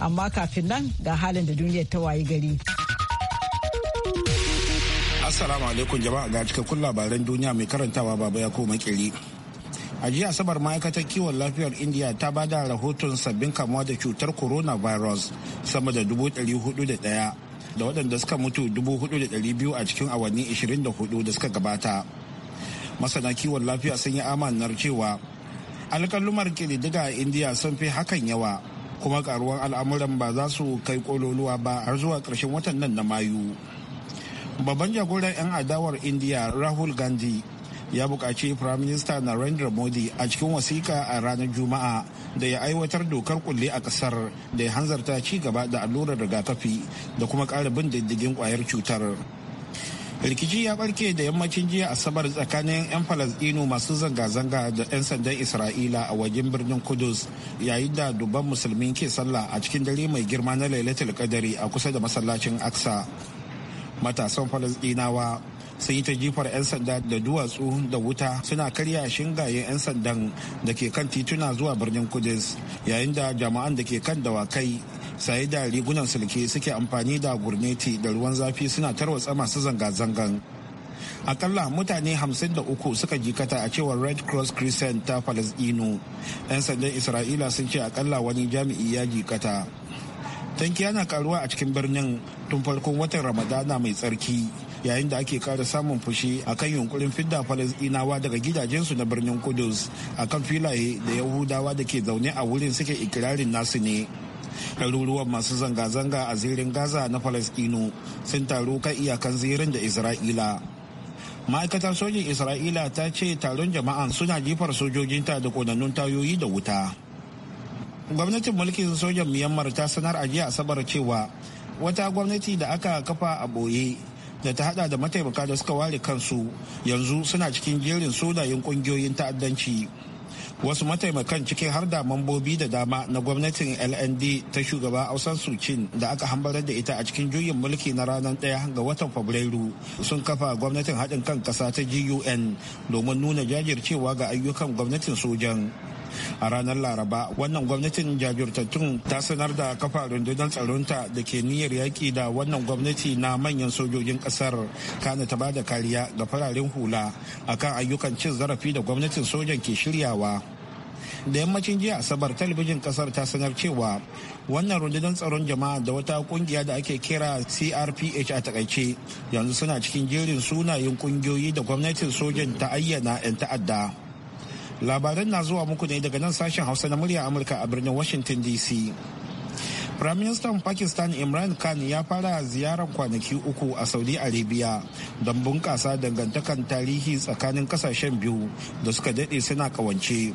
amma kafin nan ga halin da duniyar ta wayi gari. Assalamu alaikum jama'a ga cikakkun labaran duniya mai karantawa baba ya koma kiri. A jiya asabar ma'aikatar kiwon lafiyar India ta ba da rahoton sabbin kamuwa da cutar corona virus. sama da dubu ɗari hudu da ɗaya da waɗanda suka mutu dubu hudu da ɗari biyu a cikin awanni ishirin da hudu da suka gabata. Masana kiwon lafiya sun yi amanar cewa alƙalumar ƙididdiga a India sun fi hakan yawa kuma karuwan al'amuran ba za su kai kololuwa ba har zuwa ƙarshen watan nan na mayu babban jagoran 'yan adawar indiya rahul gandhi ya buƙaci prime minister narendra modi a cikin wasiƙa a ranar juma'a da ya aiwatar dokar kulle a ƙasar da ya hanzarta ci gaba da allurar rigakafi da kuma ƙara bin diddigin ƙwayar cutar rikici ya barke da yammacin jiya asabar tsakanin 'yan falasdino masu zanga-zanga da 'yan sandan isra'ila a wajen birnin kudus yayin da dubban musulmi ke sallah a cikin dare mai girma na lailatul kadari a kusa da masallacin aksa matasan falasdinawa sun yi ta jifar 'yan sanda da duwatsu da wuta suna karya shingayen 'yan sandan da ke kan tituna zuwa birnin kudus yayin da jama'an da ke kan dawakai saye da rigunan sulke suke amfani da gurneti da ruwan zafi suna tarwatsa masu zanga-zangan akalla mutane 53 suka jikata a cewar red cross crescent ta falasdino 'yan sandan isra'ila sun ce akalla wani jami'i ya jikata tanki yana karuwa a cikin birnin tun farkon watan ramadana mai tsarki yayin da ake kara samun fushi a kan yunkurin fidda falasdinawa daga gidajensu na birnin kudus akan filaye da yahudawa da ke zaune a wurin suke ikirarin nasu ne ɗaruruwan masu zanga-zanga a zirin gaza na falasɗinu sun taru kan iyakan zirin da isra'ila ma'aikatar sojin isra'ila ta ce taron jama'an suna jifar sojojinta da konannun tayoyi da wuta gwamnatin mulkin sojan myanmar ta sanar a jiya asabar cewa wata gwamnati da aka kafa a ɓoye da ta hada da mataimaka da suka ware kansu yanzu suna cikin jerin sodayin ƙungiyoyin ta'addanci wasu mataimakan ciki har da mambobi da dama na gwamnatin lnd ta shugaba ausan sucin da aka hambarar da ita a cikin juyin mulki na ranar ɗaya ga watan fabrairu sun kafa gwamnatin haɗin kan ƙasa ta gun domin nuna jajircewa ga ayyukan gwamnatin sojan a ranar laraba wannan gwamnatin jajirtattun ta sanar da kafa rundunar tsaronta da ke niyyar yaƙi da wannan gwamnati na manyan sojojin ƙasar kana ta bada kariya ga fararen hula akan ayyukan cin zarafi da gwamnatin sojan ke shiryawa da yammacin jiya asabar talabijin kasar ta sanar cewa wannan rundunar tsaron jama'a da wata kungiya da ake kira crph a takaice yanzu suna cikin jerin sunayen kungiyoyi da gwamnatin sojan ta ayyana 'yan ta'adda labaran na zuwa muku ne daga nan sashen hausa na murya amurka a birnin washington dc Firaministan Pakistan Imran Khan ya fara ziyarar kwanaki uku a Saudi Arabia don bunƙasa dangantakan tarihi tsakanin kasashen biyu da suka daɗe suna kawance.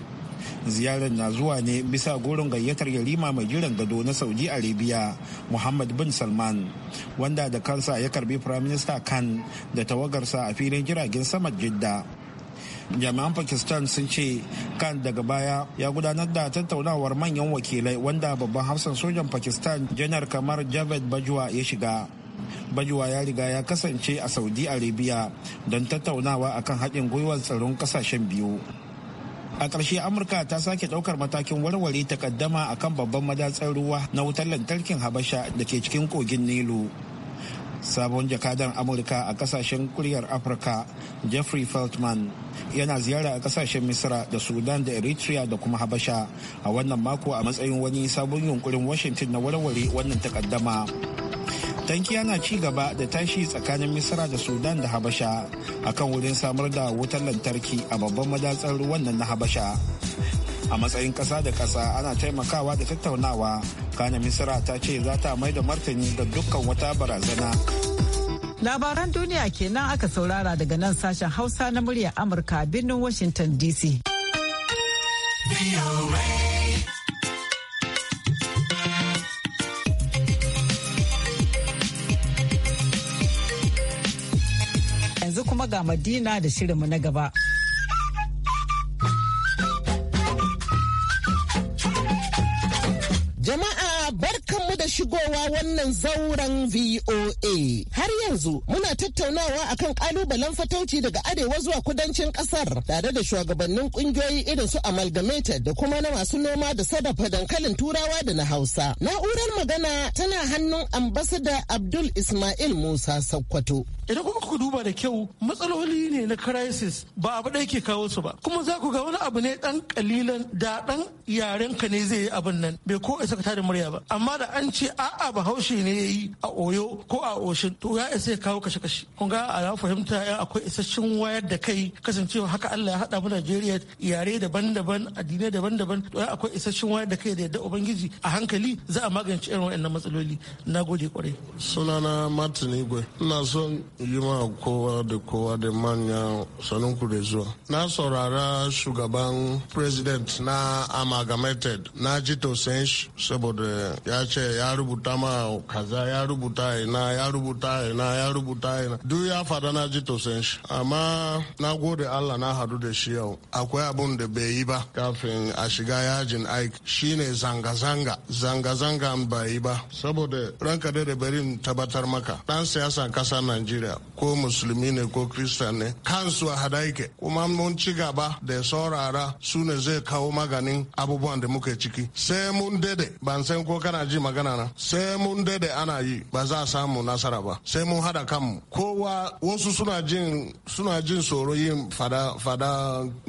Ziyarar na zuwa ne bisa gurin gayyatar yarima mai jiran gado na Saudi Arabia Muhammad bin Salman wanda da kansa ya karbi Firaminista Khan da tawagarsa a filin jiragen sama Jidda. jami'an pakistan sun ce kan daga baya ya gudanar da tattaunawar manyan wakilai wanda babban hafsan sojan pakistan janar kamar javed bajwa ya shiga bajwa ya riga ya kasance a saudi arabia don tattaunawa akan haɗin gwiwar tsaron ƙasashen biyu a ƙarshe amurka ta sake ɗaukar matakin warware takaddama akan babban madatsar ruwa na wutar lantarkin habasha da ke cikin kogin nilu sabon jakadan amurka a kasashen kuryar afirka jeffrey feltman yana ziyara a kasashen misra da sudan da eritrea da kuma habasha a wannan mako a matsayin wani sabon yunkurin washington na warware wannan takaddama tanki yana ci gaba da tashi tsakanin misra da sudan da habasha akan wurin samar da wutar lantarki a babban madatsar ruwan nan na habasha a matsayin ƙasa da ƙasa ana taimakawa da tattaunawa kana misira ta ce za ta mai da martani ga dukkan wata barazana labaran duniya kenan aka saurara daga nan sashen hausa na muryar amurka birnin washington dc yanzu kuma ga madina da shirinmu na gaba wannan zauren VOA. Har yanzu muna tattaunawa a kan kalubalen fatauci daga arewa zuwa kudancin kasar tare da shugabannin kungiyoyi irin su amalgamated da kuma na masu noma da sarrafa dankalin turawa da na hausa. Na'urar magana tana hannun ambasada Abdul Ismail Musa Sokoto. idan kuma kuka duba da kyau matsaloli ne na crisis ba abu ɗaya ke kawo su ba kuma za ku ga wani abu ne dan kalilan da dan yaren ka ne zai yi abin nan bai ko isa ka da murya ba amma da an ce a'a bahaushe ne ya yi a oyo ko a oshin to ya isa ya kawo kashe kashe kun ga a fahimta ya akwai isasshen wayar da kai kasancewa haka Allah ya haɗa mu Najeriya yare daban-daban addinai daban-daban to ya akwai isasshen wayar da kai da yadda ubangiji a hankali za a magance irin waɗannan matsaloli na gode kwarai sunana Martin Igwe ina son yi ma kowa da kowa da manya sanunku da zuwa na saurara shugaban president na amalgamated na ji tausayin saboda ya ce ya rubuta ma kaza ya rubuta ina ya rubuta ina ya rubuta ina duk ya fada na ji tausayin amma na gode allah na hadu da shi yau akwai abun da bai yi ba kafin a shiga yajin aiki shine zanga-zanga zanga-zanga bai yi ba saboda ranka da barin tabbatar maka dan siyasan kasar najeriya Najeriya ko musulmi ne ko kristan ne kansu a hada yake kuma mun ci gaba da saurara su ne zai kawo maganin abubuwan da muke ciki sai mun dade ban san ko kana ji magana na sai mun dade ana yi ba za a samu nasara ba sai mun hada kanmu kowa wasu suna jin suna jin tsoro yin fada fada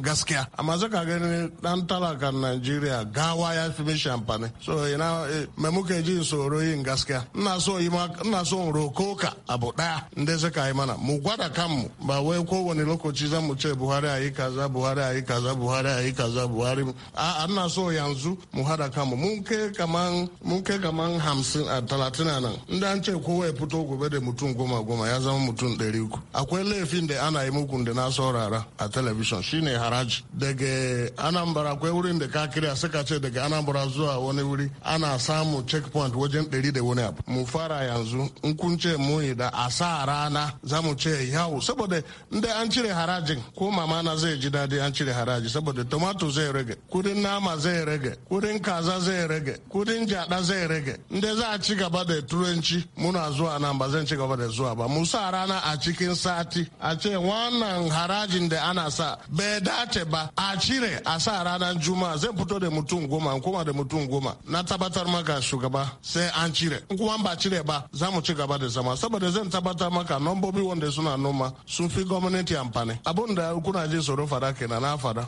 gaskiya amma zaka gani dan talakan Najeriya gawa ya fi mishi amfani so ina eh, mai muke jin tsoro yin gaskiya ina so ina so roko ka abu daya inda suka yi mana mu gwada kanmu ba wai kowane lokaci za mu ce buhari ayi kaza buhari ayi kaza buhari ayi kaza buhari a ana so yanzu mu hada kanmu mun kai kaman mun kaman hamsin a talatin nan inda an ce kowa ya fito gobe da mutum goma goma ya zama mutum ɗari uku akwai laifin da ana yi mukun da na saurara a talabishin shine haraji daga anambra akwai wurin da ka kira suka ce daga anambra zuwa wani wuri ana samun checkpoint wajen ɗari da wani abu mu fara yanzu in kun ce mu da a sa rana ma'ana za mu ce yawo saboda inda an cire harajin ko mama na zai ji daɗi an cire haraji saboda tomato zai rage kudin nama zai rage kudin kaza zai rage kudin jada zai rage inda za a ci gaba da turanci muna zuwa nan ba zan ci gaba da zuwa ba mu sa rana a cikin sati a ce wannan harajin da ana sa bai dace ba a cire a sa ranar juma'a zai fito da mutum goma koma da mutum goma na tabbatar maka shugaba sai an cire kuma ba cire ba za mu ci gaba da zama saboda zan tabbatar maka mambobi wanda suna noma sun fi gwamnati amfani abun da kuna ji tsoro fada kenan na fada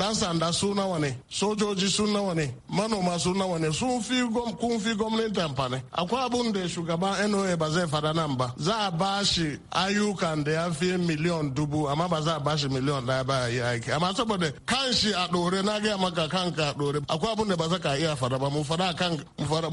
dan sanda su nawa ne sojoji su nawa ne manoma su nawa ne sun fi kun fi gwamnati amfani akwai abun da shugaban noa ba zai fada nan ba za a ba shi ayyukan da ya fi miliyan dubu amma ba za a ba shi miliyan daya ba yi aiki amma saboda kan shi a ɗore na gaya maka kanka a dore akwai abun da ba za ka iya fada ba mu fada kan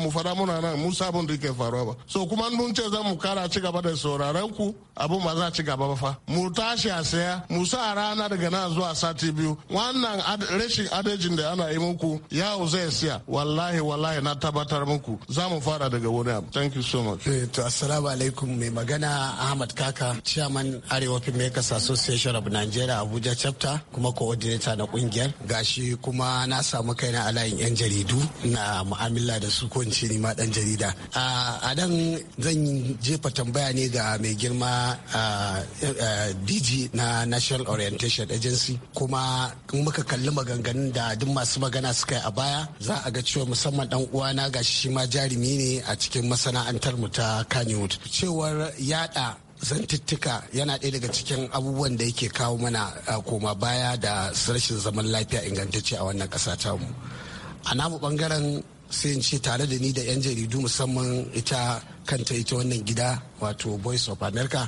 mu fada muna nan mu sabon da ke faruwa ba so kuma mun ce za mu kara ci gaba da da sauraron ku abin ba za ci gaba ba fa mu tashi a saya mu sa rana daga nan zuwa sati biyu wannan rashin adajin da ana yi muku yawo zai siya wallahi wallahi na tabbatar muku za mu fara daga wani abu thank you so much eh, to assalamu alaikum mai magana ahmad kaka chairman arewa filmmakers association of nigeria abuja chapter kuma coordinator na kungiyar gashi kuma na samu kaina a layin yan jaridu na mu'amala da su ko ni ma dan jarida ah, a dan zan jefa tambaya ne ga mai girma dg na national orientation agency kuma in muka kalli maganganun da duk masu magana suka yi a baya za a ga cewa musamman dan uwana ga shi ma jarumi ne a cikin masana'antar mu ta kanywood cewar yada zantuttuka yana ɗaya daga cikin abubuwan da yake kawo mana koma baya da rashin zaman lafiya ingantacce a wannan ƙasa ta mu a namu ɓangaren sai ce tare da ni da 'yan jaridu musamman ita kanta ita wannan gida wato voice of america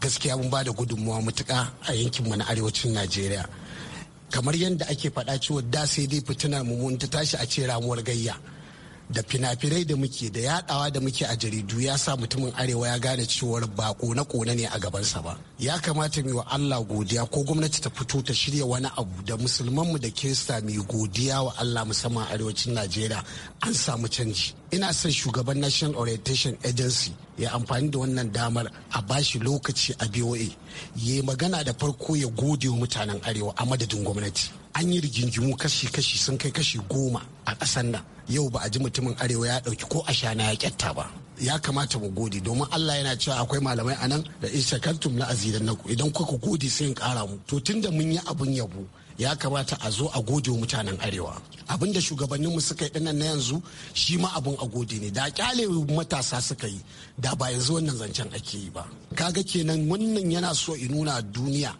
gaskiya mun ba da gudunmuwa mutuka a yankinmu na arewacin najeriya kamar yadda ake faɗa cewa da sai dai fitinar mu ta tashi a ce ramuwar gayya da fina-finai da muke da yadawa da muke a jaridu ya sa mutumin arewa ya gane cewar ba kone-kone ne a gabansa ba ya kamata mu wa Allah godiya ko gwamnati ta fito ta shirya wani abu da musulmanmu da kirista mai godiya wa Allah musamman arewacin Najeriya an samu canji ina son shugaban national orientation agency ya amfani da wannan damar a bashi lokaci a boa ya magana da farko ya gode wa mutanen arewa a madadin gwamnati an yi rigingimu kashi-kashi sun kai kashi goma a ƙasar nan yau ba a ji mutumin arewa ya ɗauki ko a shana ya kyatta ba ya kamata mu gode domin Allah yana cewa akwai malamai a nan da ishakantum na la azidan naku idan kuka gode sai in kara mu to tunda mun yi abun yabo ya kamata a zo a gode wa mutanen arewa abin da shugabannin mu suka yi dinnan na yanzu shi ma abin a gode ne da kyale matasa suka yi da ba yanzu wannan zancen ake yi ba kaga kenan wannan yana so in nuna duniya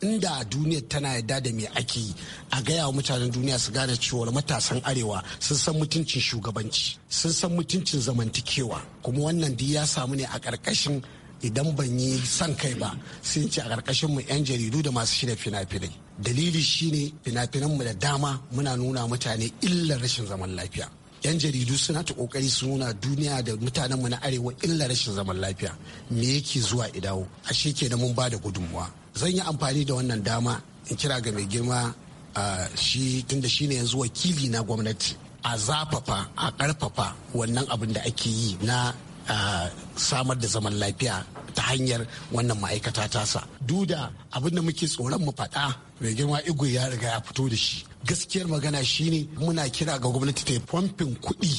inda duniya tana yarda da me ake yi a gaya wa mutanen duniya su gane cewa matasan arewa sun san mutuncin shugabanci sun san mutuncin zamantakewa kuma wannan duk ya samu ne a ƙarƙashin idan ban yi son kai ba sun ce a ƙarƙashin mu 'yan jaridu da masu shirya fina-finai dalili shine fina-finan mu da dama muna nuna mutane illar rashin zaman lafiya yan jaridu suna ta kokari su nuna duniya da mutanen mu na arewa illar rashin zaman lafiya me yake zuwa idawo ashe ke da mun bada gudunmuwa zan yi amfani da wannan dama in kira ga mai girma shi tunda shine yanzu wakili na gwamnati a zafafa a karfafa wannan abin da ake yi na a samar da zaman lafiya ta hanyar wannan ma'aikata tasa duda abin da muke tsoron mu faɗa mai girma igwe ya riga ya fito da shi gaskiyar magana shine muna kira ga gwamnati ta yi fomfin kuɗi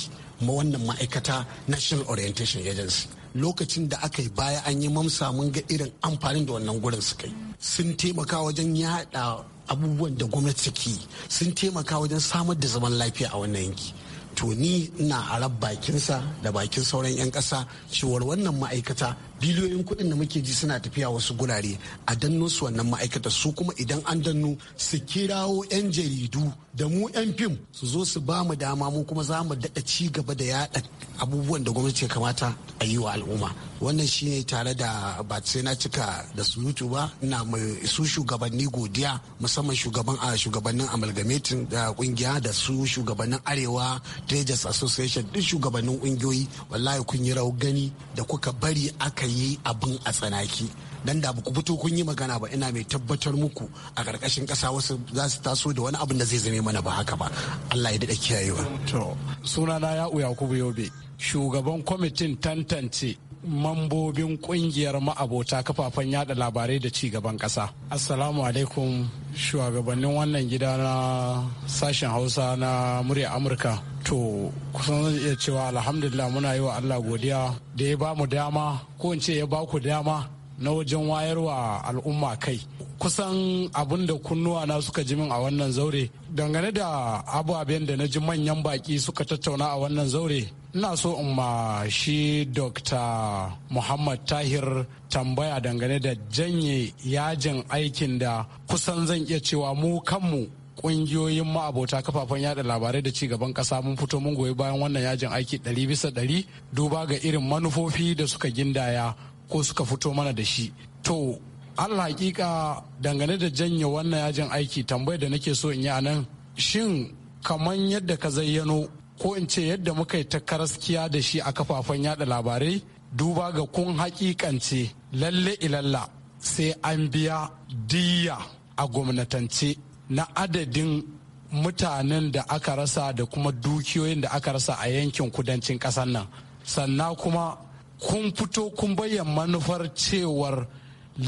ma wannan ma'aikata national orientation agency lokacin da aka yi baya an yi mamsa mun ga irin amfanin da wannan gurin suka yi sun taimaka wajen yada abubuwan da gwamnati yi. sun taimaka wajen samar da zaman lafiya a wannan yanki to ni ina a bakinsa da bakin sauran 'yan ƙasa cewar wannan ma'aikata biliyoyin kuɗin da muke ji suna tafiya wasu gurare a danno su wannan ma'aikata su kuma idan an danno su kirawo 'yan jaridu da mu 'yan fim su zo su ba mu dama mu kuma za mu daɗa ci gaba da yaɗa abubuwan da gwamnati kamata a yi wa al'umma wannan shine tare da ba sai na cika da surutu ba ina mai su shugabanni godiya musamman shugaban a shugabannin amalgamatin da kungiya da su shugabannin arewa traders association duk shugabannin kungiyoyi wallahi kun yi rau gani da kuka bari aka yi abin a tsanaki dan da ku fito kun yi magana ba ina mai tabbatar muku a ƙarƙashin ƙasa wasu za su taso da wani abin da zai zame mana ba haka ba Allah ya daɗa kiyayewa. To sunana ya uya kubu yobe shugaban kwamitin tantance mambobin kungiyar ma'abota kafafen yada labarai da ci gaban kasa assalamu alaikum shugabannin wannan gida na sashen hausa na murya amurka to kusan zan iya cewa alhamdulillah muna yi wa allah godiya da ya ba mu dama ko in ce ya ba ku dama na wajen wayarwa al'umma kai kusan abin da kunnuwa na suka ji min a wannan zaure dangane da ababen da na ji manyan baki suka tattauna a wannan zaure ina so in ma shi dr muhammad tahir tambaya dangane da janye yajin aikin da kusan zan iya cewa mu kanmu kungiyoyin ma'abota kafafen yada labarai da cigaban kasa mun fito mun goyi bayan wannan yajin aiki ɗari bisa ɗari duba ga irin manufofi da suka gindaya ko suka fito mana da shi to allah hakika dangane da janya wannan yajin aiki tambayar da nake so in yi anan shin kaman yadda ka zayyano ko in ce yadda muka yi ta karaskiya da shi a kafafen yada labarai duba ga kun hakikance lalle ilalla sai an biya diya a gwamnatance na adadin mutanen da aka rasa da kuma dukiyoyin da aka rasa a yankin kudancin ƙasar nan sannan kuma kun fito kun bayyana manufar cewar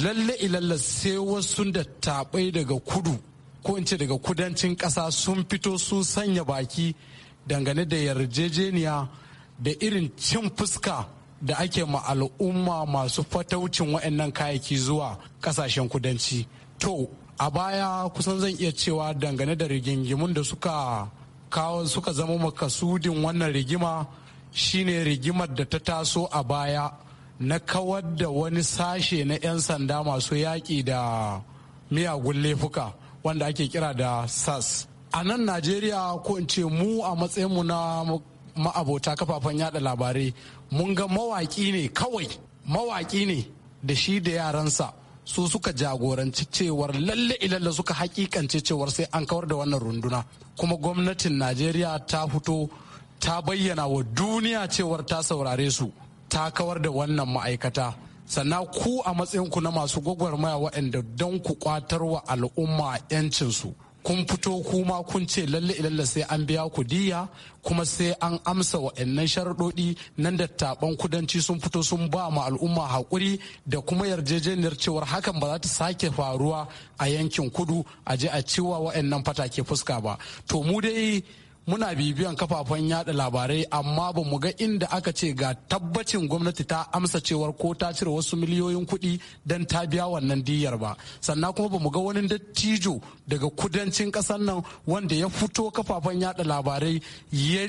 lalle ilalla sai wasu dattabai daga kudu ko in ce daga kudancin ƙasa sun fito su sanya baki dangane da yarjejeniya da irin cin fuska da ake ma al'umma masu fataucin waɗannan kayaki zuwa ƙasashen kudanci to a baya kusan zan iya cewa dangane da rigingimun da suka kawo suka zama makasudin wannan rigima shine rigimar da ta taso a baya na kawar da wani sashe na 'yan sanda masu yaƙi da miyagun laifuka wanda ake kira da sas a nan najeriya ko in ce mu a matsayin mu na ma'abota kafafen yada labarai mun ga mawaƙi ne kawai mawaƙi ne da shi da yaransa su suka jagoranci cewar lalle ilalla suka hakikance cewar sai an kawar da wannan runduna kuma gwamnatin najeriya ta fito ta bayyana wa duniya cewar ta saurare su ta kawar da wannan ma'aikata sannan ku a matsayinku na masu gwagwarmaya waɗanda don ku kwatar wa al'umma 'yancinsu kun fito kuma kun ce lalle lalle sai an biya ku diya kuma sai an amsa wa'annan sharaɗoɗi nan da taɓan kudanci sun fito sun ba ma al'umma haƙuri da kuma yarjejeniyar cewar hakan ba za ta sake faruwa a yankin kudu a je a ciwa wa'annan fatake fuska ba to mu dai muna bibiyan kafafen yada labarai amma ba mu ga inda aka ce ga tabbacin gwamnati ta amsa cewar ko ta cire wasu miliyoyin kuɗi don ta biya wannan diyar ba sannan kuma ba mu ga wani dattijo daga kudancin ƙasar nan wanda ya fito kafafen yada labarai ya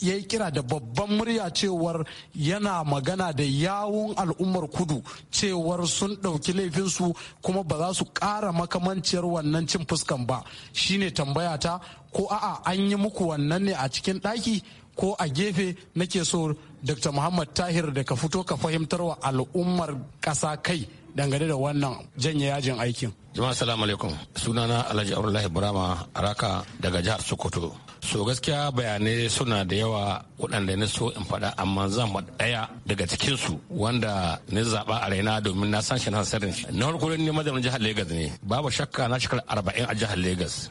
yi kira da babban murya cewar yana magana da yawun al'ummar kudu cewar sun ɗauki laifinsu kuma ba za su ƙara makamanciyar wannan cin fuskan ba shine tambaya ta ko a'a an yi muku wannan ne a cikin ɗaki ko a gefe nake so dr muhammad tahir da ka fito ka fahimtar wa al'ummar ƙasa kai dangane da wannan janye yajin aikin jama'a salamu alaikum sunana alhaji abdullahi burama araka daga jihar sokoto so gaskiya bayanai suna da yawa waɗanda na so in faɗa amma zan faɗa ɗaya daga cikinsu wanda ni zaɓa a raina domin na san shi na sanin shi na farko ne mazamin jihar Legas ne babu shakka na shekara arba'in a jihar Legas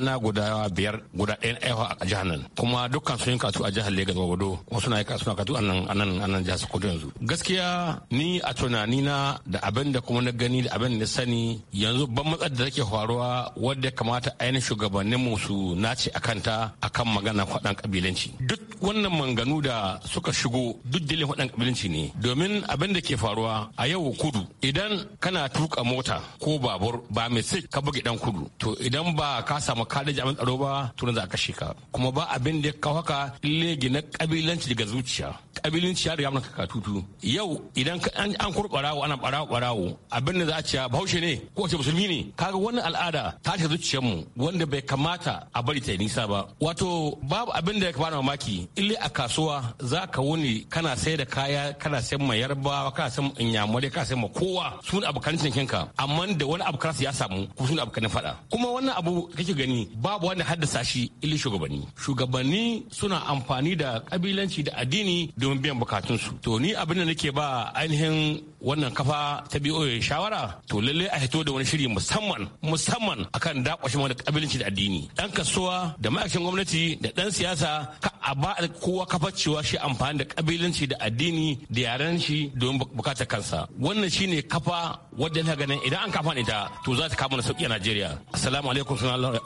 na guda biyar guda ɗayan aiwa a jihar nan kuma dukkan sun yi kasu a jihar Legas gwagwado kuma suna yi kasuwa kasu a nan a nan jihar Sokoto yanzu gaskiya ni a tunanina da abin da kuma na gani da abin da sani yanzu ban matsar da take faruwa wadda kamata ainihin shugabanninmu su nace a kanta A akan magana faɗan kabilanci duk wannan manganu da suka shigo duk dalilin faɗan kabilanci ne domin abin da ke faruwa a yau kudu idan kana tuka mota ko babur ba mai sai ka bugi dan kudu to idan ba ka samu kada jami'an tsaro ba to za a kashe ka kuma ba abin da ka haka ille gina kabilanci daga zuciya kabilanci ya riga ka katutu yau idan an kurbarawo ana barawo barawo abin da za a ce bahaushe ne ko ce musulmi ne kaga wannan al'ada ta zuciyar mu wanda bai kamata a bari ta nisa ba wato babu abin da ya bani mamaki ile a kasuwa za ka wuni kana sai da kaya kana sai ma yarbawa kana sai ma inyamurai kana sai ma kowa sun cikin cinkinka amma da wani abu kan ya samu ku sun kan faɗa kuma wannan abu kake gani babu wanda haddasa shi ili shugabanni shugabanni suna amfani da kabilanci da addini domin biyan bukatunsu to ni abin da nake ba ainihin wannan kafa ta biyo BOA shawara to lalle a hito da wani shiri musamman musamman akan dakwashin wani kabilanci da addini dan kasuwa da ma'aikacin gwamnati da dan siyasa ka a ba kowa kafa cewa shi amfani da kabilanci da addini da yaren shi don bukata kansa wannan shine kafa wadda ta ganin idan an kafa ita to za ta kama na sauki a Najeriya assalamu alaikum sunan Allah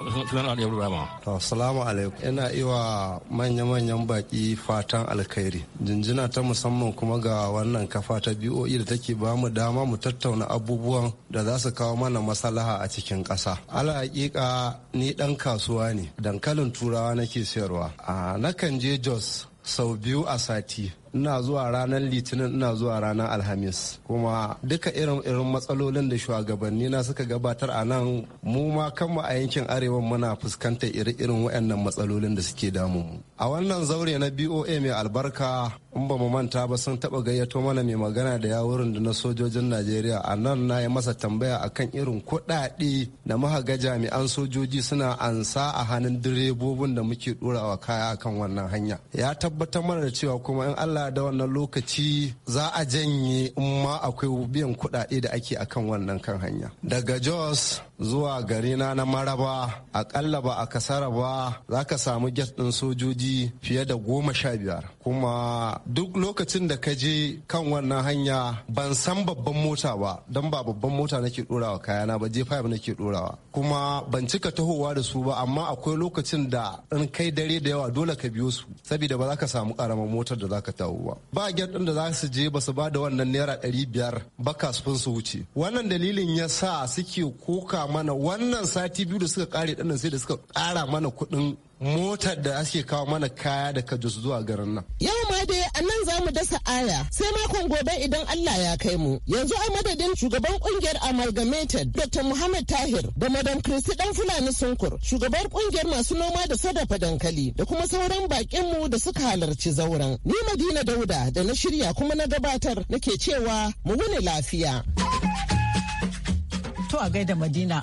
assalamu alaikum ina iwa manya-manyan baki fatan alkhairi jinjina ta musamman kuma ga wannan kafa ta biyo da take ke ba mu dama mu tattauna abubuwan da za su kawo mana maslaha a cikin ƙasa. Ala hakika ni 'dan kasuwa ne, dankalin turawa nake sayarwa. A nakan je Jos sau biyu a sati ina zuwa ranar litinin ina zuwa ranar alhamis kuma duka irin irin matsalolin da shugabanni na suka gabatar a nan mu ma kanmu a yankin arewa muna fuskantar iri irin waɗannan matsalolin da suke damu a wannan zaure na BOA mai albarka in ba mu manta ba sun taba gayyato mana mai magana da yawurin da na sojojin Najeriya a nan na yi masa tambaya akan irin kuɗaɗe da muka ga jami'an sojoji suna ansa a hannun direbobin da muke ɗorawa kaya akan wannan hanya ya tabbatar mana da cewa kuma in Allah Allah da wannan lokaci za a janye in ma akwai biyan kuɗaɗe da ake akan wannan kan hanya. Daga Jos zuwa garina na Maraba akalla ba a kasara ba za ka samu get ɗin sojoji fiye da goma sha biyar. Kuma duk lokacin da ka je kan wannan hanya ban san babban mota ba don ba babban mota nake ɗorawa kayana ba J5 nake ɗorawa. Kuma ban cika tahowa da su ba amma akwai lokacin da in kai dare da yawa dole ka biyo su saboda ba za ka samu ƙaramar motar da za ka taho ba ba da za su je ba su ba da wannan naira ɗari biyar ba kafin su wuce wannan dalilin ya sa suke koka mana wannan sati biyu da suka kare ɗin sai da suka ƙara mana kuɗin motar da ake kawo mana kaya daga Jos zuwa garin nan. Yau ma dai a nan za mu dasa aya sai makon gobe idan Allah ya kai mu. Yanzu a madadin shugaban kungiyar Amalgamated Dr. Muhammad Tahir da Madam Kristi Dan Fulani Sunkur shugabar kungiyar masu noma da sadafa dankali da kuma sauran bakin mu da suka halarci zauren. Ni Madina Dauda da na shirya kuma na gabatar nake cewa mu wuni lafiya. To a gaida Madina.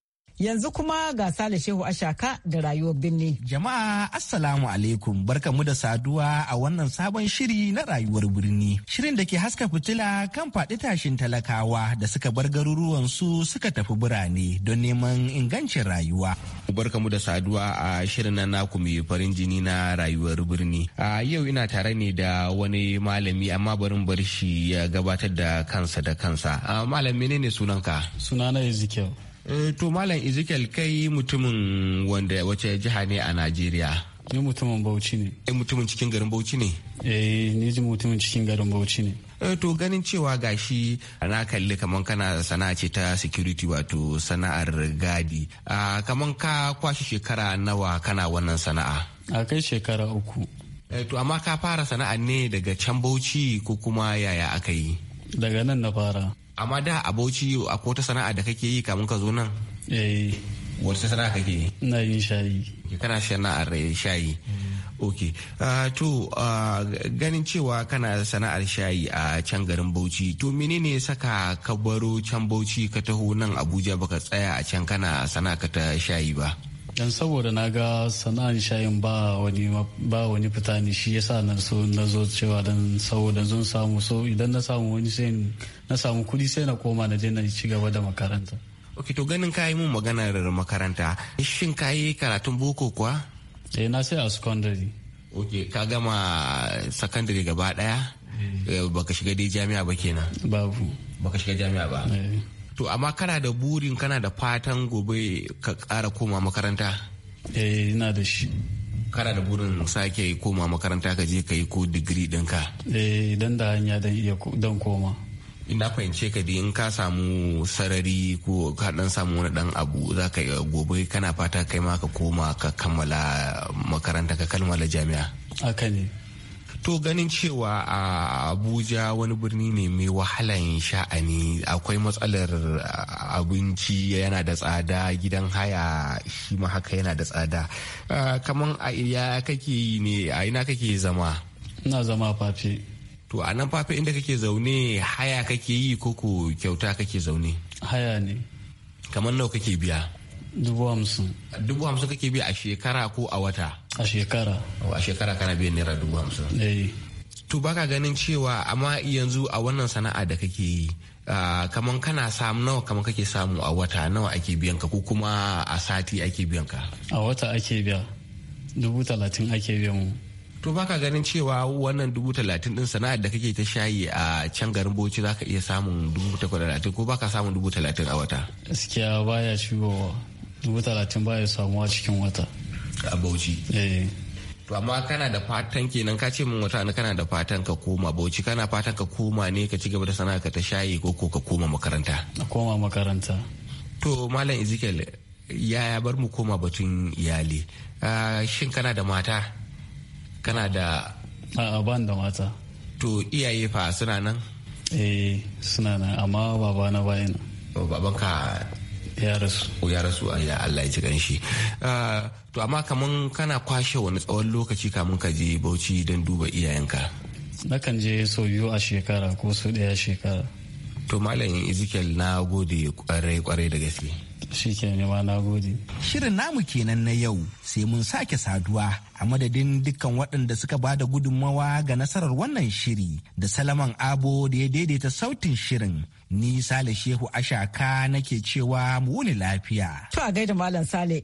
Yanzu kuma ga Sale Shehu Ashaka da rayuwar birni. Jama'a Assalamu alaikum barkamu da saduwa a wannan sabon shiri na rayuwar birni. Shirin da ke haska fitila kan faɗi tashin talakawa da suka bar garuruwan su suka tafi birane don neman ingancin rayuwa. Barkamu da saduwa a shirin na naku mai farin jini na rayuwar birni. A yau ina tare ne da wani malami amma barin bar shi ya gabatar da kansa da kansa. Malam menene sunanka? Sunana Ezekiel. Eh, to malam ezekiel kai mutumin wanda wace jiha ne a najeriya ni mutumin bauchi ne eh mutumin cikin garin bauchi ne eh ni ji mutumin cikin garin bauchi ne eh to ganin cewa gashi na kalli kaman kana sana'a ce ta security wato sana'ar gadi a ah, kaman ka kwashi shekara nawa kana wannan sana'a a kai shekara uku eh to amma ka fara sana'a ne daga can bauchi ko kuma yaya aka yi daga nan na fara amma da a bauchi a wata sana'a da kake yi kamun ka zo nan eh wata sana'a kake yi na yin shayi kana sana'ar shayi ok ah, to ah, ganin cewa kana sana'ar shayi a can garin bauchi to menene saka ka baro can bauchi ka taho nan abuja baka tsaya a can kana sana'a ka ta shayi ba don saboda na ga sana'an shayin ba wani ba wani fita ne shi yasa na so na zo cewa dan saboda zan samu so idan na samu wani sai na samu kudi sai na koma na je na ci gaba da makaranta ok to ganin kayi mun maganar makaranta shin kayi karatun boko kuwa eh na sai a secondary ok ka gama secondary gaba daya eh. eh, baka shiga dai jami'a ba kenan babu baka shiga jami'a ba eh. to amma kana da burin kana da fatan gobe ka kara koma makaranta eh ina da shi kana da burin sake koma makaranta ka je ka yi ko digiri ɗinka eh dan da hanya dan iya dan koma ina fahimce ka da in ka samu sarari ko ka dan samu wani dan abu za ka gobe kana fata kai ma ka koma ka kammala makaranta ka kammala jami'a haka ne to ganin cewa a abuja wani birni ne mai wahalan sha'ani akwai matsalar ah, abinci yana da tsada gidan haya shi ma haka yana da tsada ah, kamar a iya kake ne a ina kake zama ina zama fafe to a nan fafe inda kake zaune haya kake yi koko kyauta kake zaune haya ne kamar nawa kake biya dubu hamsin dubu hamsin kake biya a shekara ko a wata a shekara a shekara kana biyan naira dubu hamsin eh. to baka ganin cewa amma yanzu a wannan sana'a da kake yi kamar kaman kana samu nawa kamar kake samu a wata nawa ake biyan ka ko kuma a sati ake biyan ka a wata ake biya dubu talatin ake biyan mu to baka ganin cewa wannan dubu talatin din sana'a da kake ta shayi a can garin bauchi ka iya samun dubu talatin ko baka samun dubu talatin a wata gaskiya baya shigowa dubu talatin baya samuwa cikin wata a Bauchi. Eh. To amma kana da fatan kenan ka ce min wata kana da fatan ka koma Bauchi kana fatan ka koma ne ka ci gaba da sana'a ka ta shayi ko ko ka koma makaranta. Koma makaranta. To Malam Ezekiel yaya bar mu koma batun iyali. Ah, shin kana da mata? Kana da. A'a ban da mata. To iyaye fa suna nan? Eh suna nan amma babana ba nan. Babanka ya rasu ya rasu ya Allah ya ji ganshi ah, to amma kaman kana kwashe wani tsawon lokaci kamun ka je Bauchi don duba iyayenka nakan je sau biyu a shekara ko su daya shekara to malamin Ezekiel na gode kwarai kwarai da gaske shi ke ma na gode shirin namu kenan na yau sai mun sake saduwa a madadin dukkan waɗanda suka ba da gudunmawa ga nasarar wannan shiri da salaman abo da ya daidaita sautin shirin Ni Sale Shehu Ashaka nake cewa mu wuni lafiya. To a gaida Malam Sale.